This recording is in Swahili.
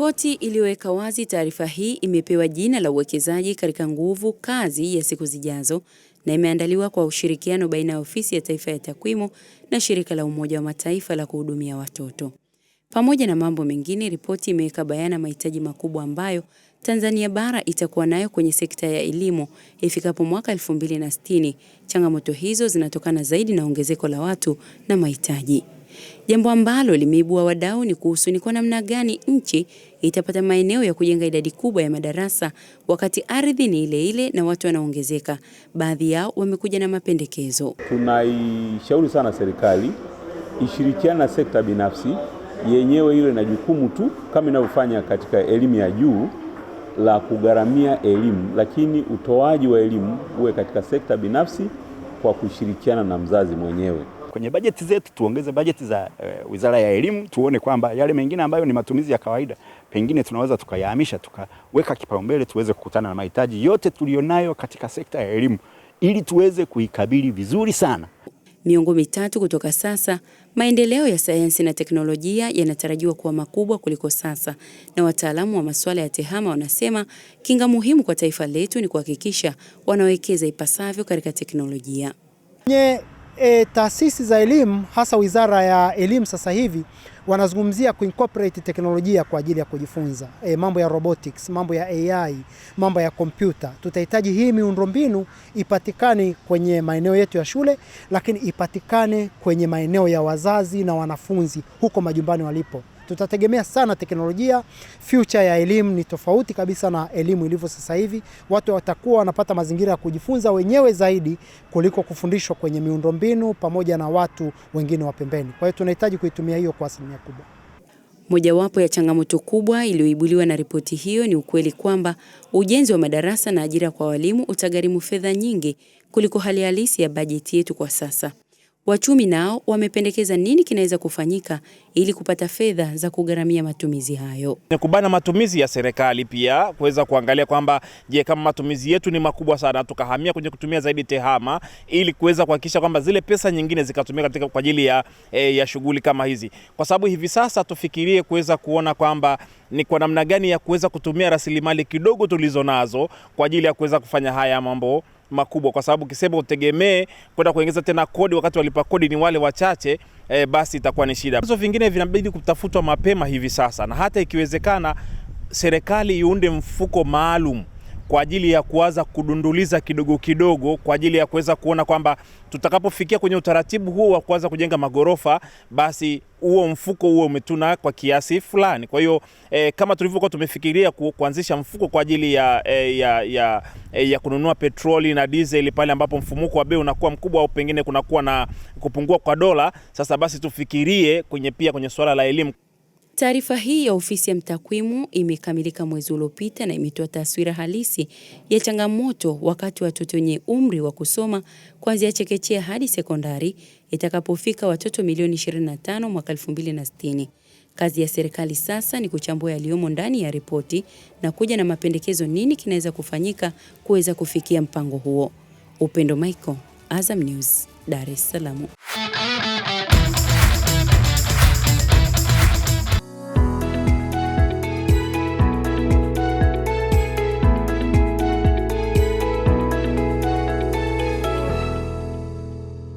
Ripoti iliyoweka wazi taarifa hii imepewa jina la Uwekezaji katika Nguvu Kazi ya Siku Zijazo na imeandaliwa kwa ushirikiano baina ya Ofisi ya Taifa ya Takwimu na Shirika la Umoja wa Mataifa la Kuhudumia Watoto. Pamoja na mambo mengine, ripoti imeweka bayana mahitaji makubwa ambayo Tanzania bara itakuwa nayo kwenye sekta ya elimu ifikapo mwaka 2060. Changamoto hizo zinatokana zaidi na ongezeko la watu na mahitaji. Jambo ambalo limeibua wadau ni kuhusu ni kwa namna gani nchi itapata maeneo ya kujenga idadi kubwa ya madarasa wakati ardhi ni ile ile na watu wanaongezeka. Baadhi yao wamekuja na mapendekezo. Tunaishauri sana serikali ishirikiane na sekta binafsi, yenyewe ile na jukumu tu kama inavyofanya katika elimu ya juu la kugharamia elimu, lakini utoaji wa elimu uwe katika sekta binafsi kwa kushirikiana na mzazi mwenyewe. Kwenye bajeti zetu tuongeze bajeti za uh, Wizara ya Elimu, tuone kwamba yale mengine ambayo ni matumizi ya kawaida pengine tunaweza tukayahamisha, tukaweka kipaumbele, tuweze kukutana na mahitaji yote tuliyonayo katika sekta ya elimu ili tuweze kuikabili vizuri sana. Miongo mitatu kutoka sasa, maendeleo ya sayansi na teknolojia yanatarajiwa kuwa makubwa kuliko sasa, na wataalamu wa masuala ya tehama wanasema kinga muhimu kwa taifa letu ni kuhakikisha wanawekeza ipasavyo katika teknolojia. Nye e, taasisi za elimu hasa Wizara ya Elimu sasa hivi wanazungumzia kuincorporate teknolojia kwa ajili ya kujifunza e, mambo ya robotics, mambo ya AI, mambo ya kompyuta. Tutahitaji hii miundombinu ipatikane kwenye maeneo yetu ya shule, lakini ipatikane kwenye maeneo ya wazazi na wanafunzi huko majumbani walipo. Tutategemea sana teknolojia. Future ya elimu ni tofauti kabisa na elimu ilivyo sasa hivi. Watu watakuwa wanapata mazingira ya kujifunza wenyewe zaidi kuliko kufundishwa kwenye miundombinu pamoja na watu wengine wa pembeni. Kwa hiyo tunahitaji kuitumia hiyo kwa asilimia kubwa. Mojawapo ya changamoto kubwa iliyoibuliwa na ripoti hiyo ni ukweli kwamba ujenzi wa madarasa na ajira kwa walimu utagharimu fedha nyingi kuliko hali halisi ya bajeti yetu kwa sasa. Wachumi nao wamependekeza nini kinaweza kufanyika ili kupata fedha za kugharamia matumizi hayo. Ni kubana matumizi ya serikali, pia kuweza kuangalia kwamba je, kama matumizi yetu ni makubwa sana, tukahamia kwenye kutumia zaidi tehama, ili kuweza kuhakikisha kwamba zile pesa nyingine zikatumika katika kwa ajili ya, e, ya shughuli kama hizi, kwa sababu hivi sasa tufikirie kuweza kuona kwamba ni kwa namna gani ya kuweza kutumia rasilimali kidogo tulizo nazo kwa ajili ya kuweza kufanya haya mambo makubwa, kwa sababu ukisema utegemee kwenda kuongeza tena kodi wakati walipa kodi ni wale wachache e, basi itakuwa ni shida. Vigezo vingine vinabidi kutafutwa mapema hivi sasa, na hata ikiwezekana serikali iunde mfuko maalum kwa ajili ya kuanza kudunduliza kidogo kidogo kwa ajili ya kuweza kuona kwamba tutakapofikia kwenye utaratibu huo wa kuanza kujenga magorofa basi huo mfuko huo umetuna kwa kiasi fulani. Kwa hiyo eh, kama tulivyokuwa tumefikiria ku, kuanzisha mfuko kwa ajili ya, eh, ya, ya, eh, ya kununua petroli na diesel pale ambapo mfumuko wa bei unakuwa mkubwa au pengine kunakuwa na kupungua kwa dola, sasa basi tufikirie kwenye pia kwenye suala la elimu. Taarifa hii ya ofisi ya mtakwimu imekamilika mwezi uliopita na imetoa taswira halisi ya changamoto wakati watoto wenye umri wa kusoma kuanzia chekechea hadi sekondari itakapofika watoto milioni 25 mwaka 2060. Kazi ya serikali sasa ni kuchambua yaliyomo ndani ya ripoti na kuja na mapendekezo, nini kinaweza kufanyika kuweza kufikia mpango huo. Upendo Michael, Azam News, Dar es Salaam.